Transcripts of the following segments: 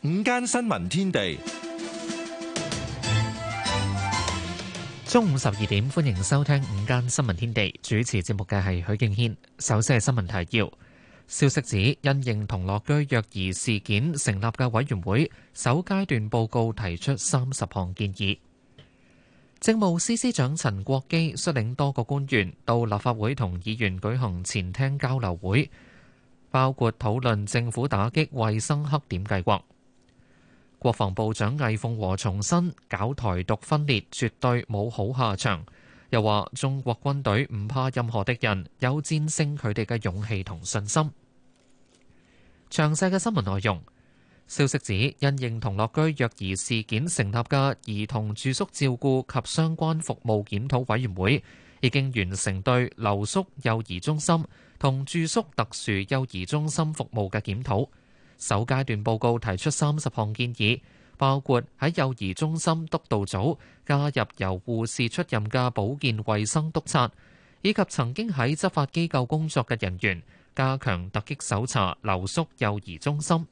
午間新聞天地，中午十二點歡迎收聽午間新聞天地。主持節目嘅係許敬軒。首先係新聞提要，消息指因應同樂居虐兒事件成立嘅委員會，首階段報告提出三十項建議。政務司司長陳國基率領多個官員到立法會同議員舉行前廳交流會。包括討論政府打擊衛生黑點計劃，國防部長魏鳳和重申搞台獨分裂絕對冇好下場，又話中國軍隊唔怕任何敵人，有戰勝佢哋嘅勇氣同信心。詳細嘅新聞內容，消息指因應同樂居虐兒事件成立嘅兒童住宿照顧及相關服務檢討委員會，已經完成對留宿幼兒中心同住宿特殊幼兒中心服務嘅檢討首階段報告提出三十項建議，包括喺幼兒中心督導組加入由護士出任嘅保健衛生督察，以及曾經喺執法機構工作嘅人員加強突擊搜查留宿幼兒中心。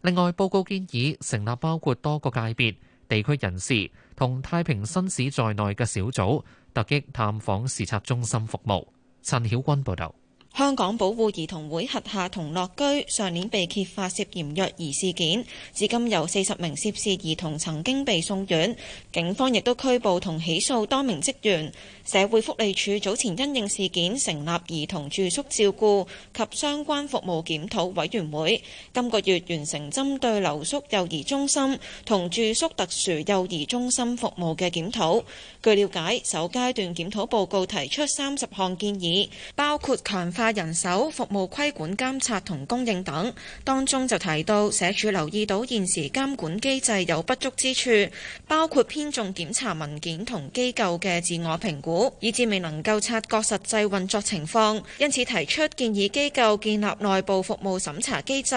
另外，報告建議成立包括多個界別、地區人士同太平紳士在內嘅小組，突擊探訪視察中心服務。陳曉君報道。香港保護兒童會轄下同樂居上年被揭發涉嫌虐兒事件，至今有四十名涉事兒童曾經被送院，警方亦都拘捕同起訴多名職員。社會福利署早前因應事件成立兒童住宿照顧及相關服務檢討委員會，今個月完成針對留宿幼兒中心同住宿特殊幼兒中心服務嘅檢討。據了解，首階段檢討報告提出三十項建議，包括強化人手、服務規管、監察同供應等，當中就提到社署留意到現時監管機制有不足之處，包括偏重檢查文件同機構嘅自我評估，以致未能夠察覺實際運作情況，因此提出建議機構建立內部服務審查機制。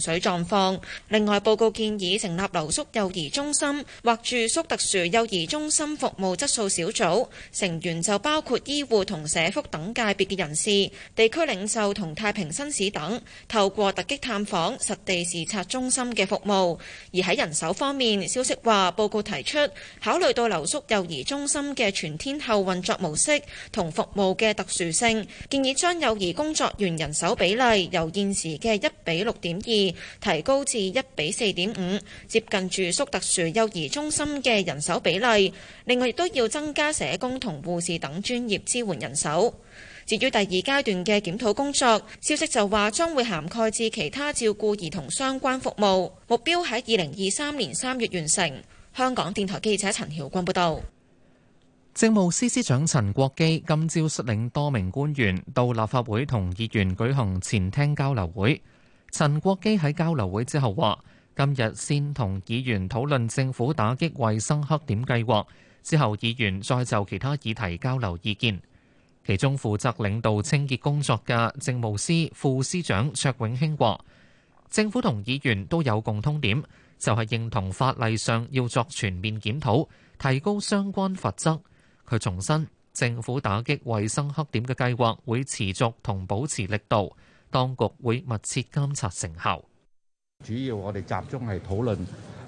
水狀況。另外，報告建議成立留宿幼兒中心或住宿特殊幼兒中心服務質素小組，成員就包括醫護同社福等界別嘅人士、地區領袖同太平紳士等，透過突擊探訪、實地視察中心嘅服務。而喺人手方面，消息話報告提出考慮到留宿幼兒中心嘅全天候運作模式同服務嘅特殊性，建議將幼兒工作員人手比例由現時嘅一比六點二，提高至一比四點五，接近住宿特殊幼兒中心嘅人手比例。另外，亦都要增加社工同護士等專業支援人手。至於第二階段嘅檢討工作，消息就話將會涵蓋至其他照顧兒童相關服務，目標喺二零二三年三月完成。香港電台記者陳曉君報道。政務司司長陳國基今朝率領多名官員到立法會同議員舉行前廳交流會。陳國基喺交流會之後話：今日先同議員討論政府打擊衛生黑點計劃，之後議員再就其他議題交流意見。其中負責領導清潔工作嘅政務司副司長卓永興話：政府同議員都有共通點，就係認同法例上要作全面檢討，提高相關罰則。佢重申，政府打擊衛生黑點嘅計劃會持續同保持力度。當局會密切監察成效。主要我哋集中係討論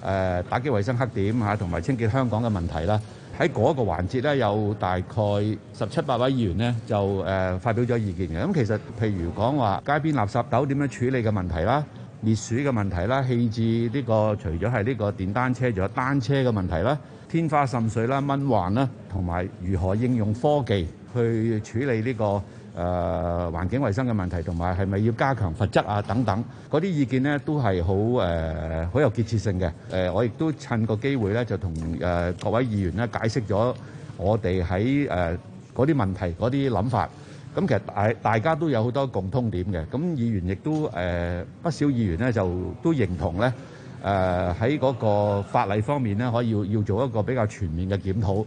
誒打擊衞生黑點嚇，同埋清潔香港嘅問題啦。喺嗰個環節咧，有大概十七八位議員咧就誒發表咗意見嘅。咁其實譬如講話街邊垃圾桶點樣處理嘅問題啦、滅鼠嘅問題啦、棄置呢個除咗係呢個電單車，仲有單車嘅問題啦、天花滲水啦、蚊患啦，同埋如何應用科技去處理呢個。誒、呃、環境衞生嘅問題同埋係咪要加強罰則啊等等嗰啲意見咧，都係好誒好有建設性嘅。誒、呃、我亦都趁個機會咧，就同誒、呃、各位議員咧解釋咗我哋喺誒嗰啲問題嗰啲諗法。咁其實大大家都有好多共通點嘅。咁議員亦都誒、呃、不少議員咧，就都認同咧誒喺嗰個法例方面咧，可以要做一個比較全面嘅檢討。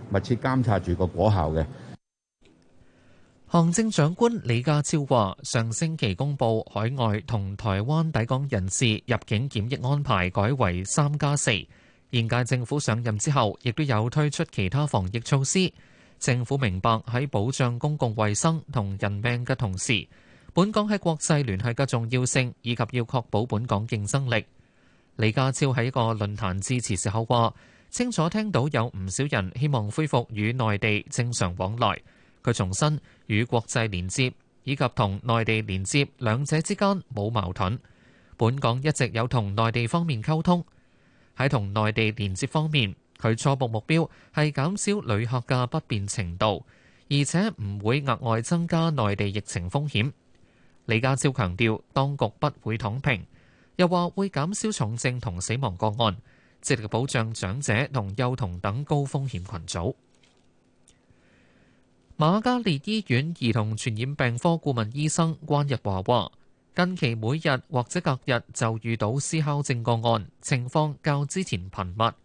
密切監察住個果效嘅行政長官李家超話：上星期公布海外同台灣抵港人士入境檢疫安排，改為三加四。現屆政府上任之後，亦都有推出其他防疫措施。政府明白喺保障公共衛生同人命嘅同時，本港喺國際聯繫嘅重要性，以及要確保本港競爭力。李家超喺一個論壇支持時候話。清楚聽到有唔少人希望恢復與內地正常往來。佢重申，與國際連接以及同內地連接兩者之間冇矛盾。本港一直有同內地方面溝通。喺同內地連接方面，佢初步目標係減少旅客嘅不便程度，而且唔會額外增加內地疫情風險。李家超強調，當局不會躺平，又話會減少重症同死亡個案。致力保障長者同幼童等高風險群組。瑪嘉烈醫院兒童傳染病科顧問醫生關日華話：近期每日或者隔日就遇到思考症個案，情況較之前頻密。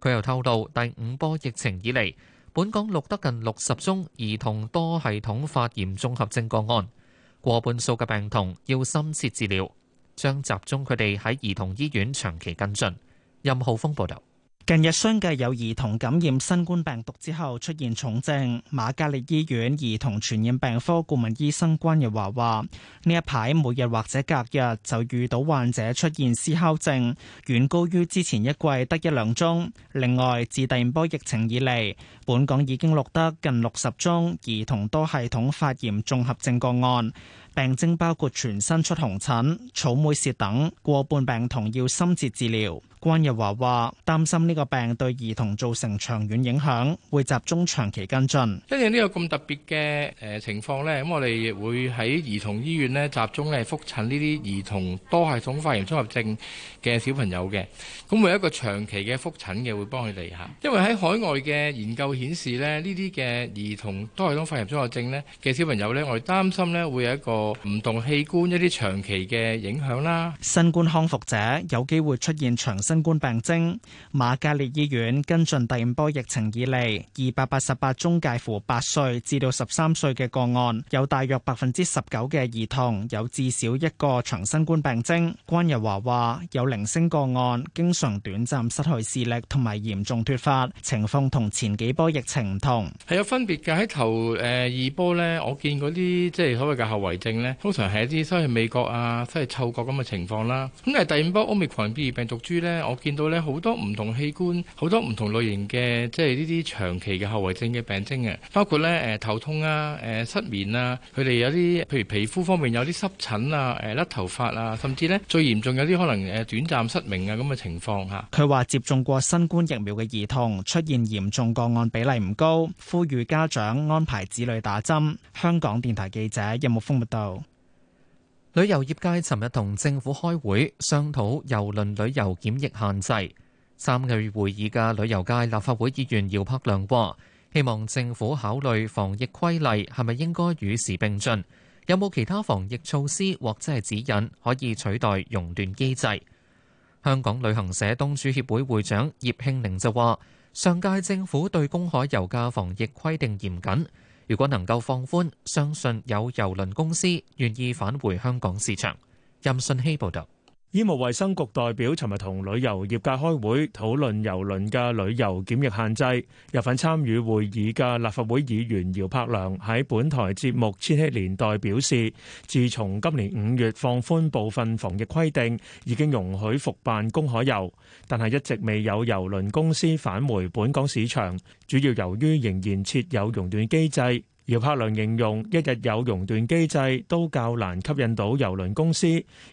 佢又透露，第五波疫情以嚟，本港錄得近六十宗兒童多系統發炎綜合症個案，過半數嘅病童要深切治療，將集中佢哋喺兒童醫院長期跟進。任浩峰報道：近日相繼有兒童感染新冠病毒之後出現重症，瑪嘉烈醫院兒童傳染病科顧問醫生關日華話：呢一排每日或者隔日就遇到患者出現思考症，遠高於之前一季得一兩宗。另外，自第二波疫情以嚟，本港已經錄得近六十宗兒童多系統發炎綜合症個案。病徵包括全身出紅疹、草莓舌等，過半病童要深切治療。關日華話：擔心呢個病對兒童造成長遠影響，會集中長期跟進。因為呢個咁特別嘅，誒情況呢。咁我哋會喺兒童醫院咧，集中係複診呢啲兒童多系統發炎綜合症嘅小朋友嘅。咁會有一個長期嘅複診嘅，會幫佢哋吓。因為喺海外嘅研究顯示咧，呢啲嘅兒童多系統發炎綜合症咧嘅小朋友呢，我哋擔心咧會有一個。唔同器官一啲長期嘅影響啦。新冠康復者有機會出現長新冠病徵。瑪嘉烈醫院跟進第五波疫情以嚟，二百八十八宗介乎八歲至到十三歲嘅個案，有大約百分之十九嘅兒童有至少一個長新冠病徵。關日華話：有零星個案經常短暫失去視力同埋嚴重脱發，情況同前幾波疫情唔同。係有分別嘅喺頭誒二波呢，我見嗰啲即係所謂嘅後遺症。通常係一啲，失去美國啊，失去嗅覺咁嘅情況啦。咁係第五波奧密克戎變異病毒株呢，我見到呢好多唔同器官，好多唔同類型嘅，即係呢啲長期嘅後遺症嘅病徵嘅，包括呢誒頭痛啊、誒失眠啊，佢哋有啲譬如皮膚方面有啲濕疹啊、誒甩頭髮啊，甚至呢最嚴重有啲可能誒短暫失明啊咁嘅情況嚇。佢話接種過新冠疫苗嘅兒童出現嚴重個案比例唔高，呼籲家長安排子女打針。香港電台記者任木豐麥。旅遊業界尋日同政府開會商討郵輪旅遊檢疫限制。參與會議嘅旅遊界立法會議員姚柏良話：，希望政府考慮防疫規例係咪應該與時並進，有冇其他防疫措施或者係指引可以取代熔斷機制。香港旅行社東主協會會,會長葉慶玲就話：，上屆政府對公海遊嘅防疫規定嚴謹。如果能夠放寬，相信有郵輪公司願意返回香港市場。任信希報導。醫務衛生局代表尋日同旅遊業界開會，討論郵輪嘅旅遊檢疫限制。有份參與會議嘅立法會議員姚柏良喺本台節目《千禧年代》表示，自從今年五月放寬部分防疫規定，已經容許復辦公海遊，但係一直未有郵輪公司返回本港市場，主要由於仍然設有熔斷機制。姚柏良形容一日有熔斷機制都較難吸引到郵輪公司，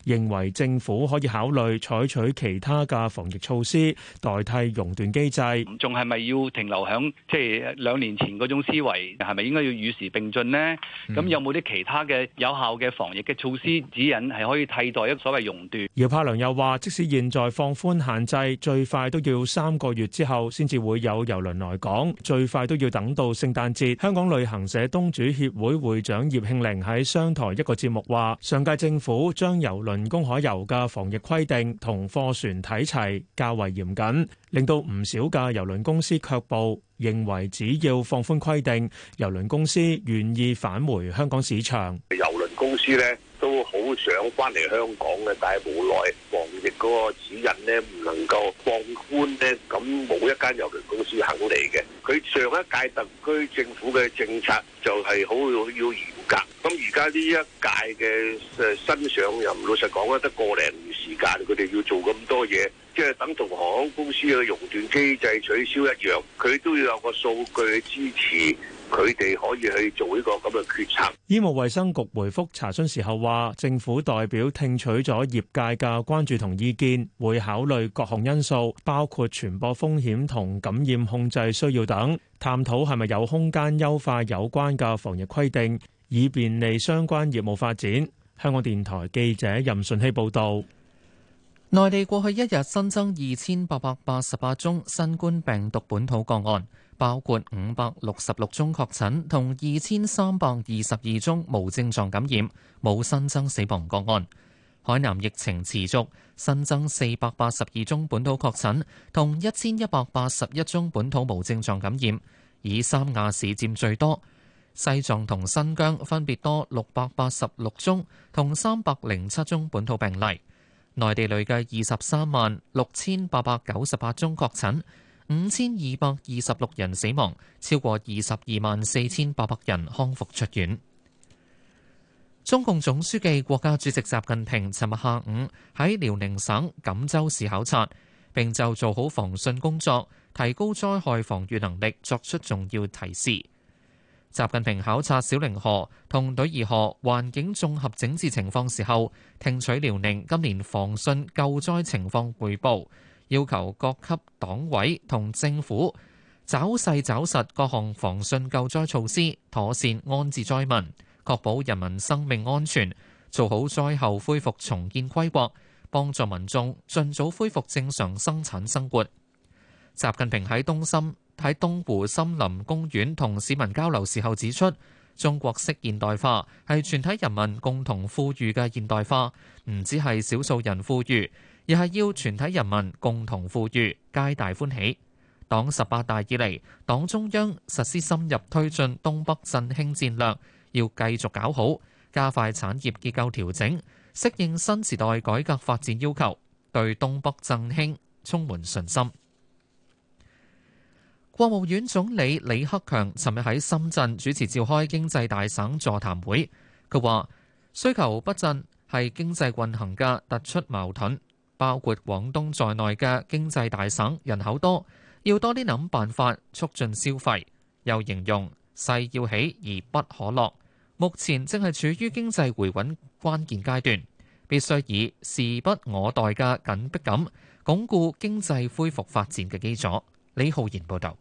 認為政府可以考慮採取其他嘅防疫措施代替熔斷機制。仲係咪要停留響即係兩年前嗰種思維？係咪應該要與時並進呢？咁有冇啲其他嘅有效嘅防疫嘅措施指引係可以替代一所謂熔斷？姚柏良又話，即使現在放寬限制，最快都要三個月之後先至會有郵輪來港，最快都要等到聖誕節。香港旅行社東主協會會長葉慶玲喺商台一個節目話，上屆政府將郵輪公海遊嘅防疫規定同貨船睇齊，較為嚴謹，令到唔少嘅郵輪公司卻步，認為只要放寬規定，郵輪公司願意返回香港市場。郵輪公司呢，都好想翻嚟香港嘅，但係無奈防疫嗰個指引呢，唔能夠放寬呢。咁冇一間郵輪公司肯嚟嘅。佢上一屆特區政府嘅政策就係好要嚴格，咁而家呢一屆嘅新上任，老實講咧，得個零月時間，佢哋要做咁多嘢，即係等同航空公司嘅熔斷機制取消一樣，佢都要有個數據支持。佢哋可以去做呢個咁嘅決策。醫務衛生局回覆查詢時候話，政府代表聽取咗業界嘅關注同意見，會考慮各項因素，包括傳播風險同感染控制需要等，探討係咪有空間優化有關嘅防疫規定，以便利相關業務發展。香港電台記者任順希報道。內地過去一日新增二千八百八十八宗新冠病毒本土個案。包括五百六十六宗確診同二千三百二十二宗無症狀感染，冇新增死亡個案。海南疫情持續，新增四百八十二宗本土確診同一千一百八十一宗本土無症狀感染，以三亞市佔最多。西藏同新疆分別多六百八十六宗同三百零七宗本土病例。內地累計二十三萬六千八百九十八宗確診。五千二百二十六人死亡，超過二十二萬四千八百人康復出院。中共總書記、國家主席習近平尋日下午喺遼寧省錦州市考察，並就做好防汛工作、提高災害防御能力作出重要提示。習近平考察小凌河同女兒河環境綜合整治情況時候，聽取遼寧今年防汛救災情況匯報。要求各級黨委同政府找細找實各項防汛救災措施，妥善安置災民，確保人民生命安全，做好災後恢復重建規劃，幫助民眾盡早恢復正常生產生活。習近平喺東深，喺東湖森林公園同市民交流時候指出，中國式現代化係全體人民共同富裕嘅現代化，唔止係少數人富裕。而係要全體人民共同富裕，皆大歡喜。黨十八大以嚟，黨中央實施深入推進東北振興戰略，要繼續搞好，加快產業結構調整，適應新時代改革發展要求，對東北振興充滿信心。國務院總理李克強尋日喺深圳主持召開經濟大省座談會，佢話需求不振係經濟運行嘅突出矛盾。包括廣東在內嘅經濟大省人口多，要多啲諗辦法促進消費。又形容勢要起而不可落，目前正係處於經濟回穩關鍵階段，必須以時不我待嘅緊迫感，鞏固經濟恢復發展嘅基礎。李浩然報導，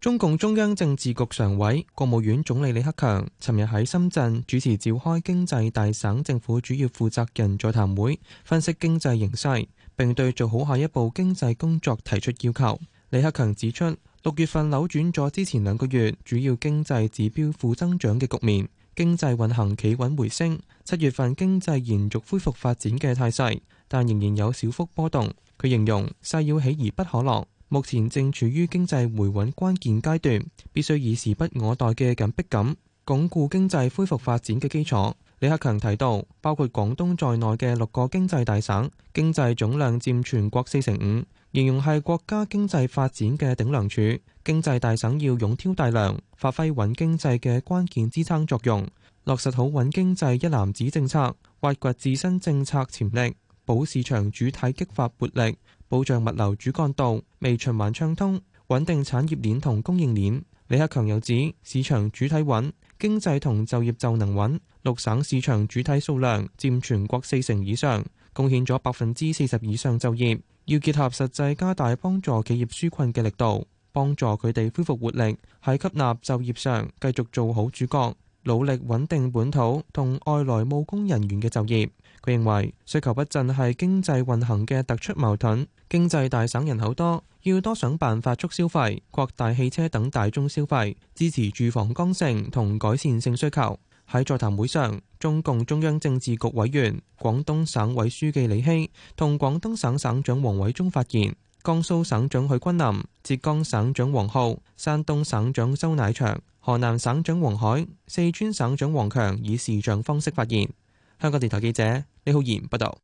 中共中央政治局常委、國務院總理李克強尋日喺深圳主持召開經濟大省政府主要負責人座談會，分析經濟形勢。並對做好下一步經濟工作提出要求。李克強指出，六月份扭轉咗之前兩個月主要經濟指標負增長嘅局面，經濟運行企穩回升。七月份經濟延續恢復發展嘅態勢，但仍然有小幅波動，佢形容勢要起而不可落，目前正處於經濟回穩關鍵階段，必須以時不我待嘅緊迫感，鞏固經濟恢復發展嘅基礎。李克強提到，包括廣東在內嘅六個經濟大省，經濟總量佔全國四成五，形容係國家經濟發展嘅頂梁柱。經濟大省要勇挑大梁，發揮穩經濟嘅關鍵支撐作用，落實好穩經濟一攬子政策，挖掘自身政策潛力，保市場主體激發活力，保障物流主幹道微循環暢通，穩定產業鏈同供應鏈。李克強又指，市場主體穩，經濟同就業就能穩，六省市場主體數量佔全國四成以上，貢獻咗百分之四十以上就業。要結合實際，加大幫助企業紓困嘅力度，幫助佢哋恢復活力，喺吸納就業上繼續做好主角，努力穩定本土同外來務工人員嘅就業。佢認為需求不振係經濟運行嘅突出矛盾。經濟大省人口多，要多想辦法促消費，擴大汽車等大宗消費，支持住房剛性同改善性需求。喺座談會上，中共中央政治局委員、廣東省委書記李希同廣東省省，省長王偉中發言；江蘇省長許昆林、浙江省長王浩、山東省長周乃祥、河南省長王凱、四川省長黃強以視像方式發言。香港電台記者。李浩賢報道，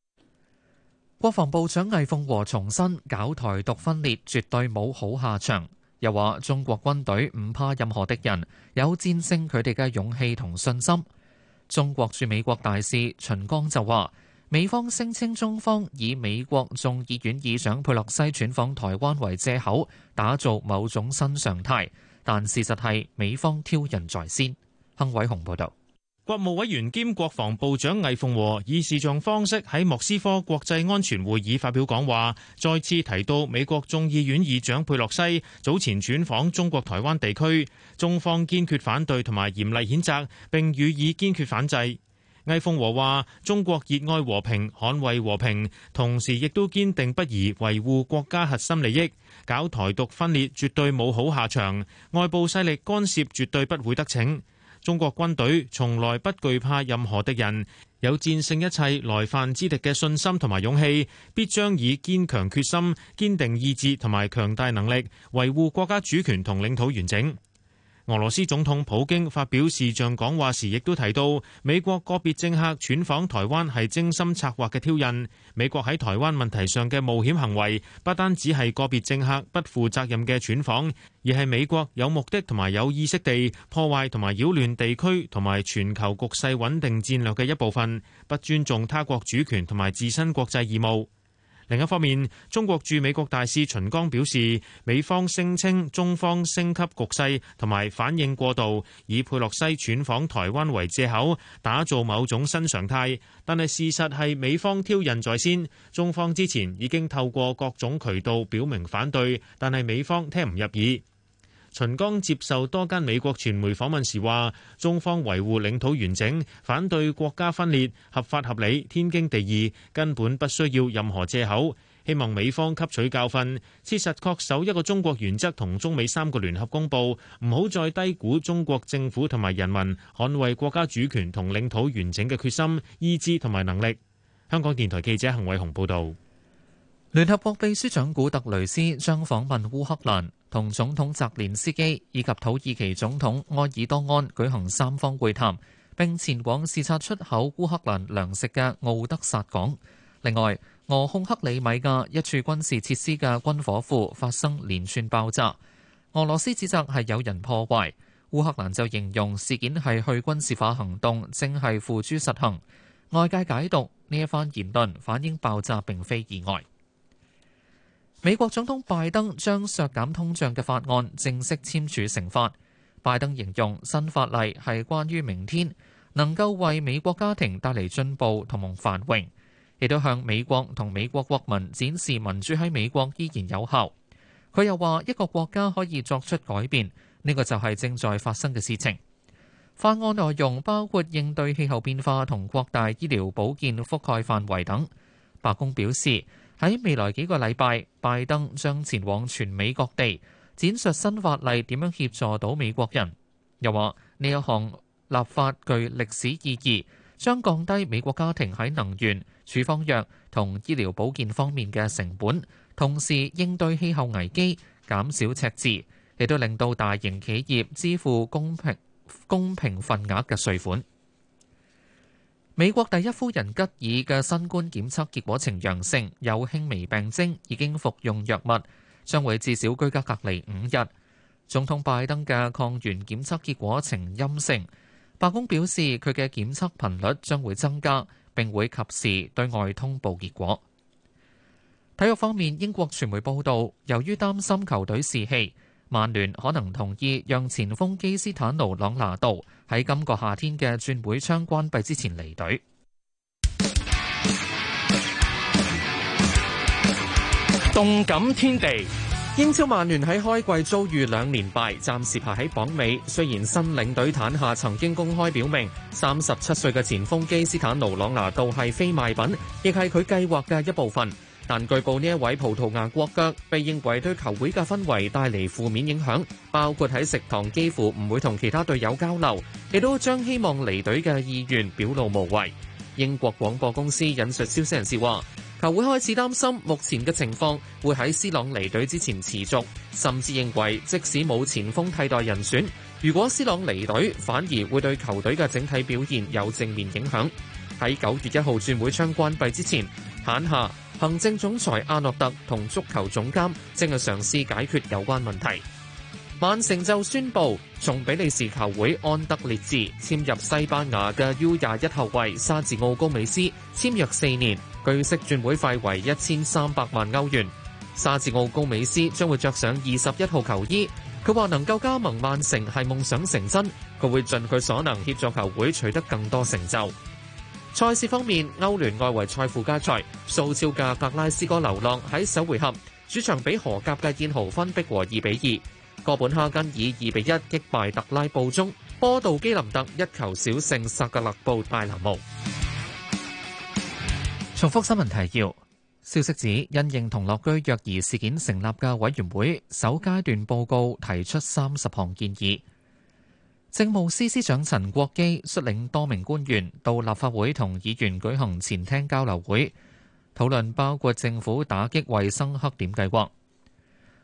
國防部長魏鳳和重申，搞台獨分裂絕對冇好下場。又話中國軍隊唔怕任何敵人，有戰勝佢哋嘅勇氣同信心。中國駐美國大使秦剛就話，美方聲稱中方以美國眾議院議長佩洛西竄訪台灣為借口，打造某種新常態，但事實係美方挑釁在先。亨偉雄報道。國務委員兼國防部長魏鳳和以視像方式喺莫斯科國際安全會議發表講話，再次提到美國眾議院議長佩洛西早前轉訪中國台灣地區，中方堅決反對同埋嚴厲譴責，責，並予以堅決反制。魏鳳和話：中國熱愛和平，捍衛和平，同時亦都堅定不移維護國家核心利益。搞台獨分裂絕對冇好下場，外部勢力干涉絕對不會得逞。中國軍隊從來不懼怕任何敵人，有戰勝一切來犯之敵嘅信心同埋勇氣，必將以堅強決心、堅定意志同埋強大能力，維護國家主權同領土完整。俄羅斯總統普京發表視像講話時，亦都提到美國個別政客竄訪台灣係精心策劃嘅挑釁。美國喺台灣問題上嘅冒險行為，不單只係個別政客不負責任嘅竄訪，而係美國有目的同埋有意識地破壞同埋擾亂地區同埋全球局勢穩定戰略嘅一部分，不尊重他國主權同埋自身國際義務。另一方面，中國駐美國大使秦剛表示，美方聲稱中方升級局勢同埋反應過度，以佩洛西轉訪台灣為藉口，打造某種新常態。但係事實係美方挑釁在先，中方之前已經透過各種渠道表明反對，但係美方聽唔入耳。秦剛接受多間美國傳媒訪問時話：中方維護領土完整、反對國家分裂、合法合理、天經地義，根本不需要任何借口。希望美方吸取教訓，切實確守一個中國原則同中美三個聯合公佈，唔好再低估中國政府同埋人民捍衛國家主權同領土完整嘅決心、意志同埋能力。香港電台記者陳偉雄報道，聯合國秘書長古特雷斯將訪問烏克蘭。同總統澤連斯基以及土耳其總統埃爾多安舉行三方會談，並前往視察出口烏克蘭糧食嘅奧德薩港。另外，俄控克里米亞一處軍事設施嘅軍火庫發生連串爆炸，俄羅斯指責係有人破壞，烏克蘭就形容事件係去軍事化行動正係付諸實行。外界解讀呢一番言論，反映爆炸並非意外。美國總統拜登將削減通脹嘅法案正式簽署成法。拜登形容新法例係關於明天，能夠為美國家庭帶嚟進步同繁榮，亦都向美國同美國國民展示民主喺美國依然有效。佢又話，一個國家可以作出改變，呢、這個就係正在發生嘅事情。法案內容包括應對氣候變化同擴大醫療保健覆蓋範圍等。白宮表示，喺未來幾個禮拜，拜登將前往全美各地展述新法例點樣協助到美國人。又話呢一項立法具歷史意義，將降低美國家庭喺能源、處方藥同醫療保健方面嘅成本，同時應對氣候危機，減少赤字，亦都令到大型企業支付公平公平份額嘅稅款。美國第一夫人吉爾嘅新冠檢測結果呈陽性，有輕微病徵，已經服用藥物，將會至少居家隔離五日。總統拜登嘅抗原檢測結果呈陰性，白宮表示佢嘅檢測頻率將會增加，並會及時對外通報結果。體育方面，英國傳媒報道，由於擔心球隊士氣，曼聯可能同意讓前鋒基斯坦奴·朗拿度喺今個夏天嘅轉會窗關閉之前離隊。動感天地，英超曼聯喺開季遭遇兩連敗，暫時排喺榜尾。雖然新領隊坦下曾經公開表明，三十七歲嘅前鋒基斯坦奴·朗拿度係非賣品，亦係佢計劃嘅一部分。但據報呢一位葡萄牙國腳被認為對球會嘅氛圍帶嚟負面影響，包括喺食堂幾乎唔會同其他隊友交流，亦都將希望離隊嘅意願表露無遺。英國廣播公司引述消息人士話：球會開始擔心目前嘅情況會喺斯朗離隊之前持續，甚至認為即使冇前鋒替代人選，如果斯朗離隊，反而會對球隊嘅整體表現有正面影響。喺九月一號轉會窗關閉之前，眼下，行政總裁阿諾特同足球總監正係嘗試解決有關問題。曼城就宣布從比利時球會安德烈治簽入西班牙嘅 U 廿一後衛沙治奧高美斯，簽約四年。據悉轉會費為一千三百萬歐元。沙治奧高美斯將會着上二十一號球衣。佢話能夠加盟曼城係夢想成真，佢會盡佢所能協助球會取得更多成就。賽事方面，歐聯外圍賽附加賽，蘇超嘅格拉斯哥流浪喺首回合主場俾荷甲嘅燕豪芬逼和二比二，哥本哈根以二比一擊敗特拉布宗，波道基林特一球小勝薩格勒布戴拿模。重複新聞提要：消息指，因應童樂居虐兒事件成立嘅委員會首階段報告提出三十項建議。政務司司長陳國基率領多名官員到立法會同議員舉行前廳交流會，討論包括政府打擊衛生黑點計劃。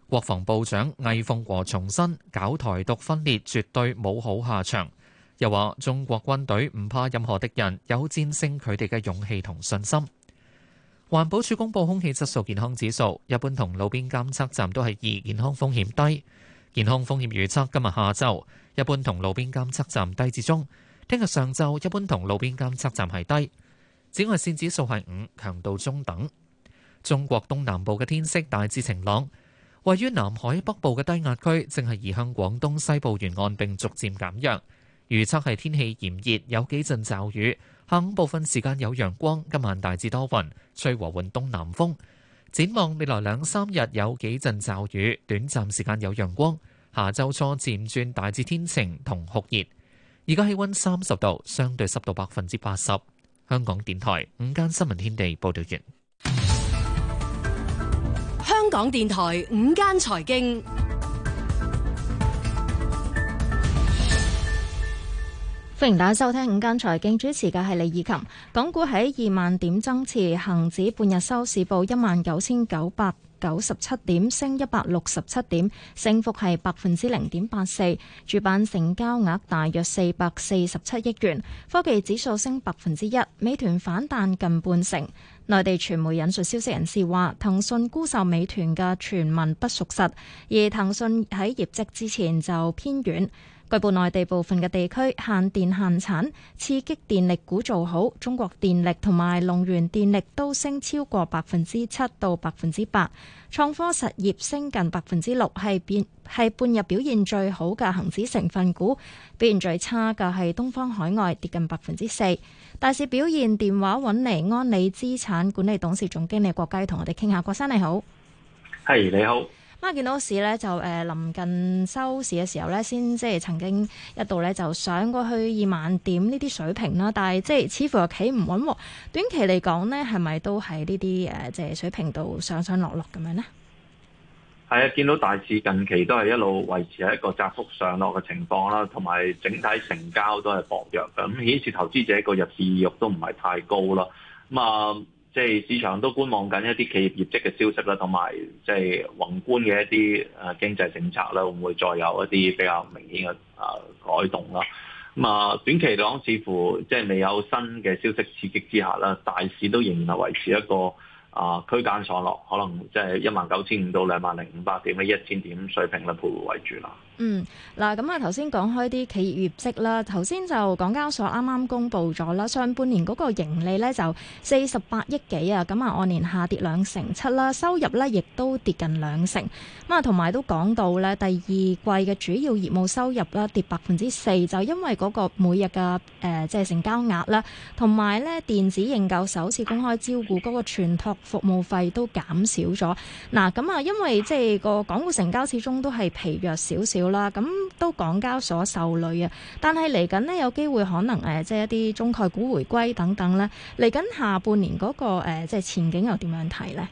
國防部長魏鳳和重申，搞台獨分裂絕對冇好下場。又話中國軍隊唔怕任何敵人，有戰勝佢哋嘅勇氣同信心。環保署公布空氣質素健康指數，一般同路邊監測站都係二，健康風險低。健康風險預測今日下晝。一般同路邊監測站低至中，聽日上晝一般同路邊監測站係低，紫外線指數係五，強度中等。中國東南部嘅天色大致晴朗，位於南海北部嘅低壓區正係移向廣東西部沿岸，並逐漸減弱。預測係天氣炎熱，有幾陣驟雨，下午部分時間有陽光，今晚大致多雲，吹和緩東南風。展望未來兩三日有幾陣驟雨，短暫時間有陽光。下周初漸轉大致天晴同酷熱，而家氣温三十度，相對濕度百分之八十。香港電台午間新聞天地報導完。香港電台午間財經，歡迎大家收聽午間財經，主持嘅係李以琴。港股喺二萬點爭持，恒指半日收市報一萬九千九百。1, 九十七點升一百六十七點，升幅係百分之零點八四。主板成交額大約四百四十七億元。科技指數升百分之一，美團反彈近半成。內地傳媒引述消息人士話，騰訊沽售美團嘅傳聞不屬實，而騰訊喺業績之前就偏軟。據報內地部分嘅地區限電限產，刺激電力股做好。中國電力同埋龍源電力都升超過百分之七到百分之八，創科實業升近百分之六，係變係半日表現最好嘅恒指成分股。表現最差嘅係東方海外，跌近百分之四。大市表現，電話穩嚟，安理資產管理董事總經理郭佳同我哋傾下。郭生你好，係、hey, 你好。咁啊，見到市咧就誒臨、呃、近收市嘅時候咧，先即係曾經一度咧就上過去二萬點呢啲水平啦，但係即係似乎又企唔穩喎。短期嚟講咧，係咪都喺呢啲誒即係水平度上上落落咁樣呢？係啊，見到大市近期都係一路維持喺一個窄幅上落嘅情況啦，同埋整體成交都係薄弱嘅，咁顯示投資者個入市意欲都唔係太高啦。咁啊～即係市場都觀望緊一啲企業業績嘅消息啦，同埋即係宏觀嘅一啲誒經濟政策啦，會唔會再有一啲比較明顯嘅啊改動啦？咁啊，短期嚟講，似乎即係未有新嘅消息刺激之下啦，大市都仍然係維持一個啊區間上落，可能即係一萬九千五到兩萬零五百點嘅一千點水平咧徘徊為主啦。嗯，嗱，咁啊，頭先講開啲企業業績啦，頭先就港交所啱啱公布咗啦，上半年嗰個盈利咧就四十八億幾啊，咁啊按年下跌兩成七啦，收入咧亦都跌近兩成，咁啊同埋都講到咧第二季嘅主要業務收入啦跌百分之四，就因為嗰個每日嘅誒、呃、即係成交額啦，同埋咧電子認購首次公開招股嗰個全託服務費都減少咗，嗱、啊，咁啊因為即係個港股成交始終都係疲弱少少。啦，咁都港交所受累啊，但係嚟緊呢，有機會可能誒，即係一啲中概股回歸等等呢，嚟緊下半年嗰、那個誒，即、呃、係前景又點樣睇呢？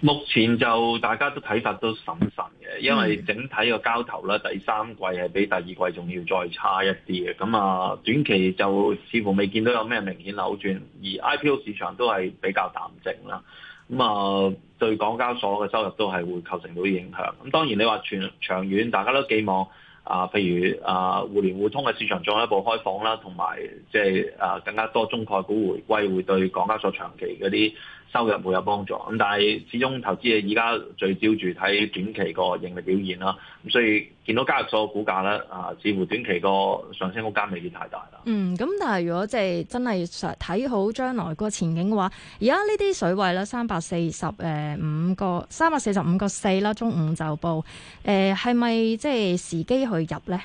目前就大家都睇法都審慎嘅，因為整體個交投咧第三季係比第二季仲要再差一啲嘅，咁啊短期就似乎未見到有咩明顯扭轉，而 IPO 市場都係比較淡靜啦。咁啊、嗯，對港交所嘅收入都係會構成到影響。咁當然你話全長遠，大家都寄望啊，譬如啊，互聯互通嘅市場進一步開放啦，同埋即係啊，更加多中概股回歸，會對港交所長期嗰啲收入會有幫助咁，但係始終投資者而家聚焦住睇短期個盈利表現啦。咁所以見到交易所嘅股價咧，啊，似乎短期個上升空間未必太大啦。嗯，咁但係如果即係真係睇好將來個前景嘅話，而家呢啲水位咧，三百四十誒五個三百四十五個四啦，中午就報誒，係咪即係時機去入呢？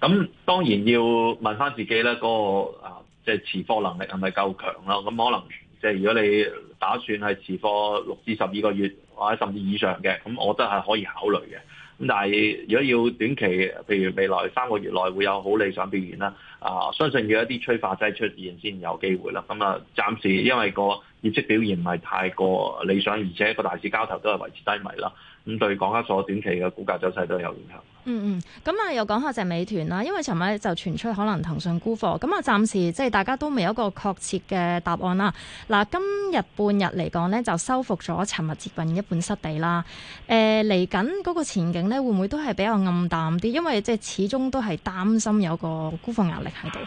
咁、嗯、當然要問翻自己咧，嗰、嗰個啊，即、就、係、係、持貨能力係咪夠強咯？咁可能。即係如果你打算係持貨六至十二個月或者甚至以上嘅，咁我覺得係可以考慮嘅。咁但係如果要短期，譬如未來三個月內會有好理想表現啦，啊，相信要一啲催化劑出現先有機會啦。咁啊，暫時因為個業績表現唔係太過理想，而且個大市交投都係維持低迷啦。咁對港交所短期嘅股價走勢都有影響。嗯嗯，咁啊又講下就係美團啦，因為尋日就傳出可能騰訊沽貨，咁啊暫時即係大家都未有一個確切嘅答案啦。嗱，今日半日嚟講呢，就收復咗尋日接近一半失地啦。誒、呃，嚟緊嗰個前景呢，會唔會都係比較暗淡啲？因為即係始終都係擔心有個沽貨壓力喺度。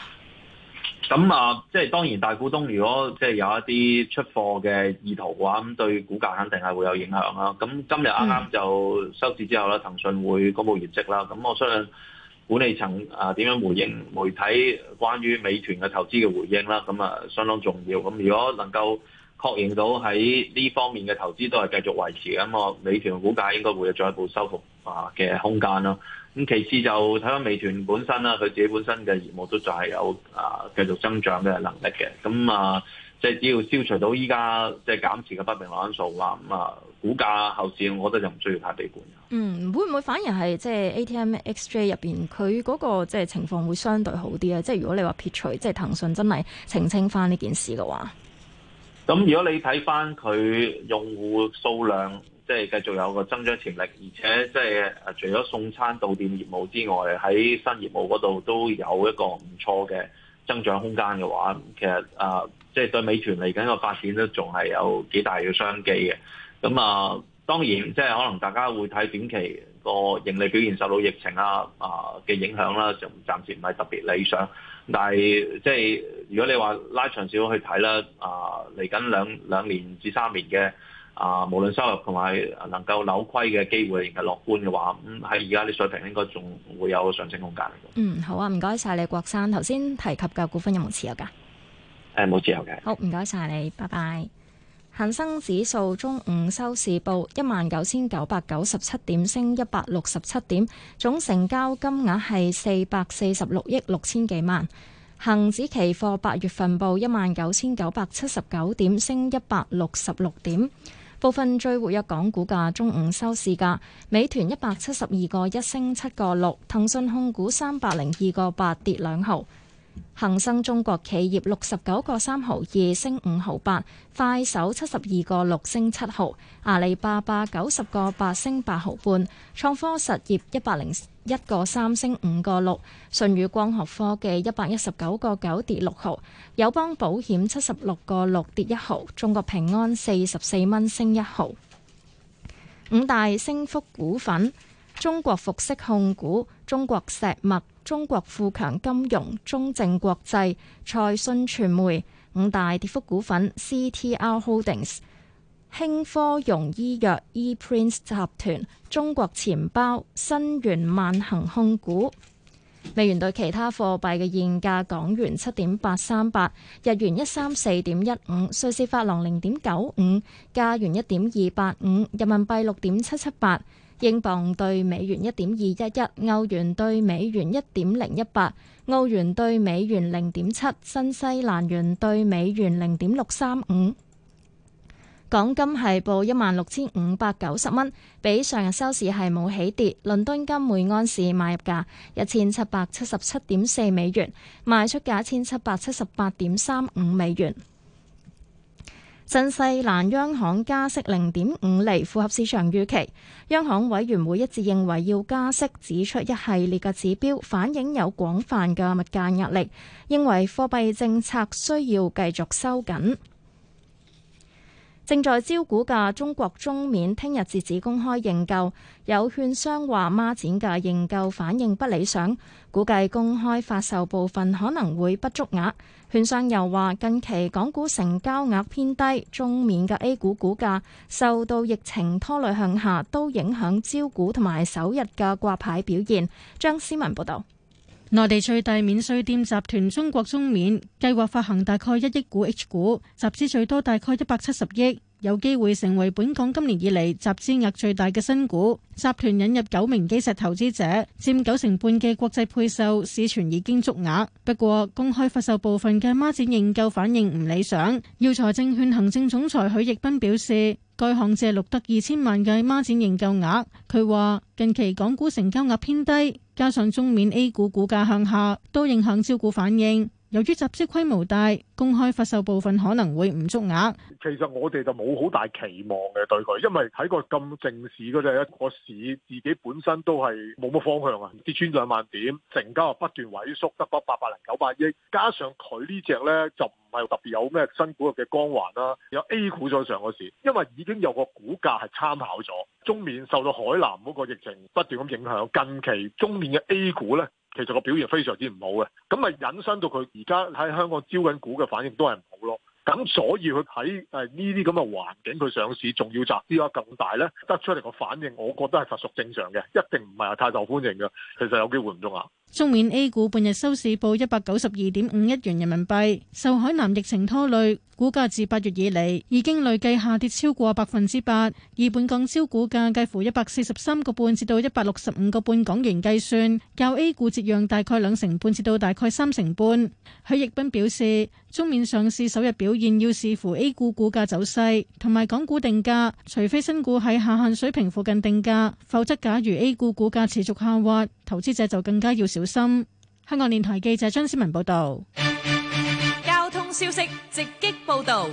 咁啊，即係當然，大股東如果即係有一啲出貨嘅意圖嘅話，咁對股價肯定係會有影響啦。咁今日啱啱就收市之後啦，騰訊會公布業績啦。咁我相信管理層啊點樣回應媒體關於美團嘅投資嘅回應啦，咁啊相當重要。咁如果能夠確認到喺呢方面嘅投資都係繼續維持，咁啊美團嘅股價應該會再一步收復。嘅、啊、空間咯，咁其次就睇翻美團本身啦，佢自己本身嘅業務都仲係有啊繼續增長嘅能力嘅，咁啊即係、就是、只要消除到依家即係減持嘅不明朗因素啊，咁啊股價後市，我覺得就唔需要太悲觀。嗯，會唔會反而係即係 ATM XJ 入邊佢嗰個即係情況會相對好啲啊？即係如果你話撇除即係騰訊真係澄清翻呢件事嘅話，咁、嗯、如果你睇翻佢用戶數量。即係繼續有個增長潛力，而且即係誒，除咗送餐到店業務之外，喺新業務嗰度都有一個唔錯嘅增長空間嘅話，其實誒、呃，即係對美團嚟緊個發展都仲係有幾大嘅商機嘅。咁啊、呃，當然即係可能大家會睇短期個盈利表現受到疫情啊啊嘅、呃、影響啦、啊，就暫時唔係特別理想。但係即係如果你話拉長少去睇啦，啊嚟緊兩兩年至三年嘅。啊！無論收入同埋能夠扭虧嘅機會，仍然係樂觀嘅話，咁喺而家啲水平應該仲會有上升空間嚟嘅。嗯，好啊，唔該晒你，郭生頭先提及嘅股份有冇持有㗎？誒、嗯，冇持有嘅。好，唔該晒你，拜拜。恒生指數中午收市報一萬九千九百九十七點，升一百六十七點，總成交金額係四百四十六億六千幾萬。恒指期貨八月份報一萬九千九百七十九點，升一百六十六點。部分最活躍港股價中午收市價，美團一百七十二個一升七個六，騰訊控股三百零二個八跌兩毫，恒生中國企業六十九個三毫二升五毫八，快手七十二個六升七毫，阿里巴巴九十個八升八毫半，創科實業一百零一個三升五個六，順宇光學科技一百一十九個九跌六毫，友邦保險七十六個六跌一毫，中國平安四十四蚊升一毫。五大升幅股份：中國服飾控股、中國石墨、中國富強金融、中正國際、賽信傳媒。五大跌幅股份：CTR Holdings。興科融醫藥、ePrints 集團、中國錢包、新元萬行控股。美元兌其他貨幣嘅現價：港元七點八三八，日元一三四點一五，瑞士法郎零點九五，加元一點二八五，人民幣六點七七八，英鎊兌美元一點二一一，歐元兌美元一點零一八，澳元兌美元零點七，新西蘭元兌美元零點六三五。港金係報一萬六千五百九十蚊，比上日收市係冇起跌。倫敦金每盎司買入價一千七百七十七點四美元，賣出價一千七百七十八點三五美元。新西蘭央行加息零點五厘，符合市場預期。央行委員會一致認為要加息，指出一系列嘅指標反映有廣泛嘅物價壓力，認為貨幣政策需要繼續收緊。正在招股嘅中國中免聽日截止公開認購，有券商話孖展嘅認購反應不理想，估計公開發售部分可能會不足額。券商又話近期港股成交額偏低，中免嘅 A 股股價受到疫情拖累向下，都影響招股同埋首日嘅掛牌表現。張思文報道。內地最大免稅店集團中國中免計劃發行大概一億股 H 股，集資最多大概一百七十億，有機會成為本港今年以嚟集資額最大嘅新股。集團引入九名基石投資者，占九成半嘅國際配售，市場已經足額。不過公開發售部分嘅孖展認購反應唔理想。耀才證券行政總裁許逸斌表示。該行借錄得二千萬嘅孖展認購額。佢話近期港股成交額偏低，加上中免 A 股股價向下，都影響招股反應。由於集資規模大，公開發售部分可能會唔足額。其實我哋就冇好大期望嘅對佢，因為喺個咁靜市嗰隻一個市，個市自己本身都係冇乜方向啊，跌穿兩萬點，成交又不斷萎縮，得返八百零九百億，加上佢呢隻咧就，係特別有咩新股嘅光環啦，啊，有 A 股在上嗰時，因為已經有個股價係參考咗。中免受到海南嗰個疫情不斷咁影響，近期中免嘅 A 股呢，其實個表現非常之唔好嘅，咁咪引申到佢而家喺香港招緊股嘅反應都係唔好咯。咁所以佢喺誒呢啲咁嘅環境，佢上市仲要集資啊更大呢，得出嚟個反應，我覺得係實屬正常嘅，一定唔係太受歡迎嘅，其實有機會唔中啊。中免 A 股半日收市報一百九十二點五一元人民幣，受海南疫情拖累，股價自八月以嚟已經累計下跌超過百分之八，而本港超股價介乎一百四十三個半至到一百六十五個半港元計算，較 A 股折讓大概兩成半至到大概三成半。許逸斌表示，中免上市首日表現要視乎 A 股股價走勢同埋港股定價，除非新股喺下限水平附近定價，否則假如 A 股股價持續下滑，投資者就更加要。小心！香港電台記者張思文報道。交通消息直擊報道。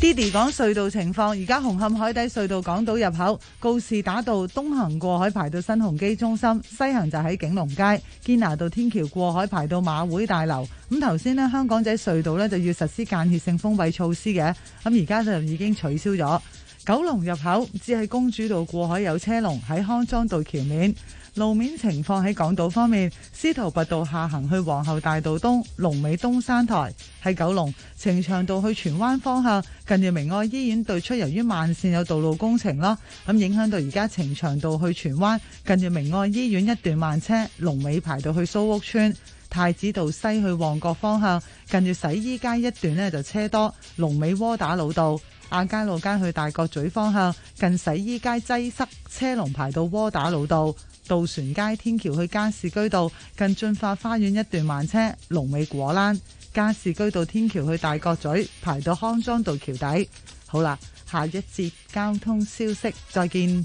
d i d y 講隧道情況，而家紅磡海底隧道港島入口告士打道東行過海排到新鴻基中心，西行就喺景隆街堅拿道天橋過海排到馬會大樓。咁頭先咧，香港仔隧道咧就要實施間歇性封閉措施嘅，咁而家就已經取消咗。九龍入口只係公主道過海有車龍喺康莊道橋面。路面情況喺港島方面，司徒拔道下行去皇后大道東龍尾東山台；喺九龍呈祥道去荃灣方向，近住明愛醫院對出，由於慢線有道路工程啦，咁影響到而家呈祥道去荃灣近住明愛醫院一段慢車龍尾排到去蘇屋村太子道西去旺角方向，近住洗衣街一段呢，就車多龍尾窩打老道亞皆老街去大角咀方向近洗衣街擠塞車龍排到窩打老道。渡船街天橋去加士居道近駿發花園一段慢車，龍尾果欄；加士居道天橋去大角咀排到康莊道橋底。好啦，下一節交通消息，再見。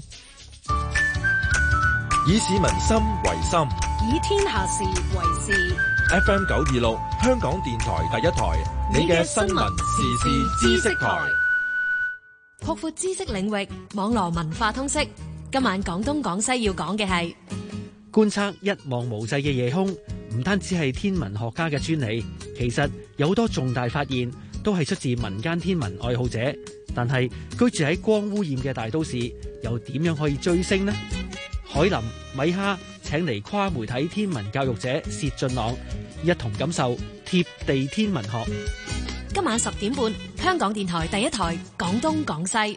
以市民心為心，以天下事為事。FM 九二六，香港電台第一台，你嘅新聞時事知識台，擴闊知識領域，網絡文化通識。今晚廣東廣西要講嘅係觀測，一望無際嘅夜空，唔單止係天文學家嘅專利，其實有好多重大發現都係出自民間天文愛好者。但係居住喺光污染嘅大都市，又點樣可以追星呢？海林、米哈請嚟跨媒體天文教育者薛俊朗，一同感受貼地天文學。今晚十點半，香港電台第一台廣東廣西。